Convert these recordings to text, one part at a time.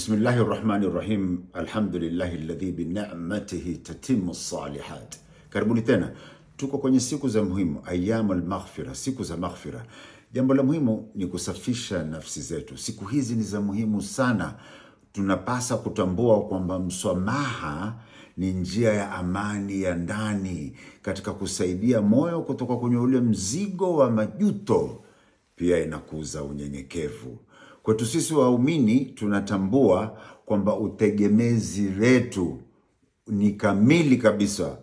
Bismillahi rahmani rahim, alhamdulillahi alladhi binamatihi tatimu salihat. Karibuni tena, tuko kwenye siku za muhimu, ayyamul maghfira, siku za maghfira. Jambo la muhimu ni kusafisha nafsi zetu. Siku hizi ni za muhimu sana, tunapasa kutambua kwamba msamaha ni njia ya amani ya ndani katika kusaidia moyo kutoka kwenye ule mzigo wa majuto, pia inakuza unyenyekevu Kwetu sisi waumini tunatambua kwamba utegemezi wetu ni kamili kabisa,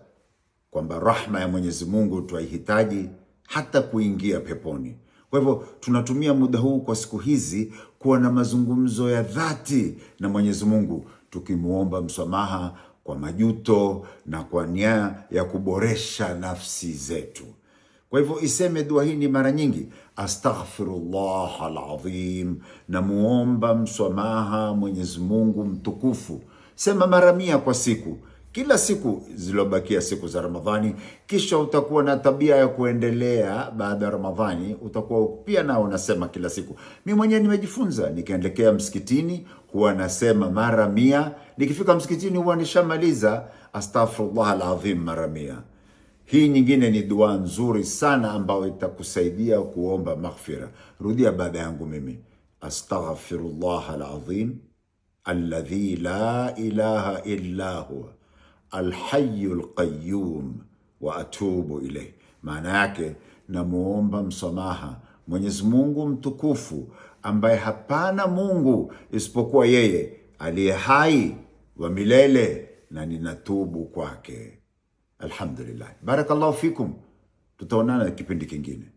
kwamba rahma ya Mwenyezi Mungu twaihitaji hata kuingia peponi. Kwa hivyo tunatumia muda huu kwa siku hizi kuwa na mazungumzo ya dhati na Mwenyezi Mungu, tukimwomba msamaha kwa majuto na kwa nia ya kuboresha nafsi zetu. Kwa hivyo iseme dua hii ni mara nyingi, astaghfirullah alazim, namuomba msamaha Mwenyezi Mungu mtukufu. Sema mara mia kwa siku, kila siku zilobakia siku za Ramadhani, kisha utakuwa na tabia ya kuendelea baada ya Ramadhani, utakuwa pia nao unasema kila siku. Mi mwenyewe nimejifunza, nikiendekea msikitini huwa nasema mara mia, nikifika msikitini huwa nishamaliza astaghfirullah alazim mara mia. Hii nyingine ni dua nzuri sana ambayo itakusaidia kuomba maghfira. Rudia baada yangu mimi, astaghfirullah alazim alladhi la ilaha illa huwa alhayu lqayum wa atubu ilayh. Maana yake namuomba msamaha Mwenyezi Mungu mtukufu ambaye hapana Mungu isipokuwa yeye aliye hai wa milele na ninatubu kwake. الحمد لله بارك الله فيكم تتونانا كيف اللي